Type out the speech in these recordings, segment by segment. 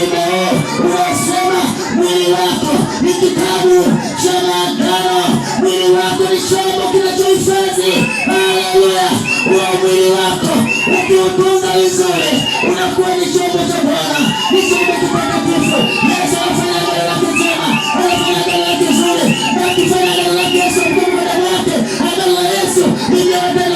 tegemee. Unasema mwili wako ni kitabu cha maagano, mwili wako ni chombo kinachohifadhi. Haleluya! wa mwili wako ukiutunza vizuri, unakuwa ni chombo cha Bwana, ni chombo kitakatifu. Yesu anafanya gano lake jema, anafanya gano lake zuri, na akifanya gano lake Yesu mkuu agano la Yesu limeandana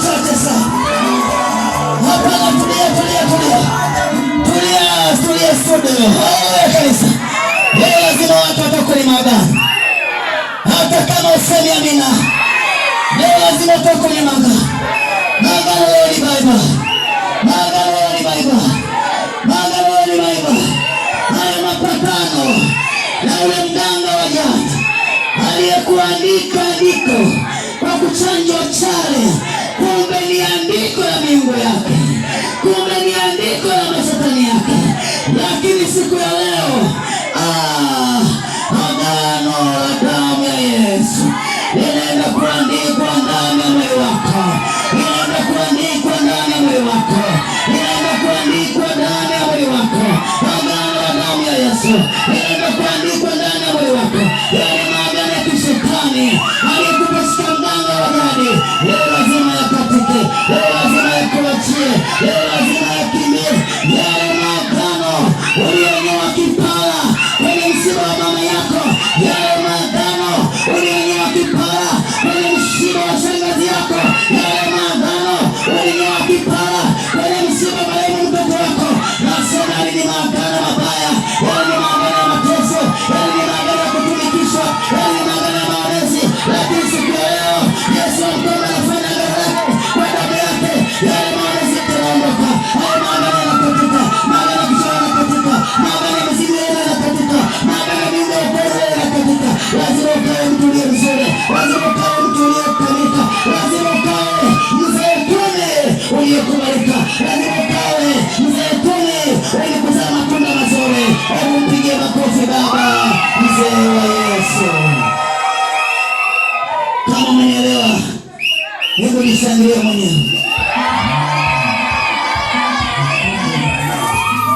wachache sana. Hapana, tulia, tulia, tulia, tulia, tulia studio. Haleluya kanisa, leo lazima watu watoke kwenye hata kama usemi amina. Leo lazima watoke kwenye madhabahu. leo ni Baba, madhabahu leo ni Baba, madhabahu leo ni Baba. Haya mapatano na ule mganga wa jadi aliyekuandika andiko kwa kuchanjwa chale Kumbe ni andiko ya miungu yake, kumbe ni andiko ya mashetani yake. Lakini siku ya leo ah, agano la damu ya Yesu linaenda kuandikwa ndani ya moyo wako, linaenda kuandikwa ndani ya moyo wako, linaenda kuandikwa ndani ya moyo wako. Agano la damu ya Yesu linaenda kuandikwa ndani ya moyo wako. Yale yaani maagano ya kishetani alikupa sitamdanga wajadi Yeah. mzee wa Yesu. Kama umeelewa, hebu nishangilie mwenyewe.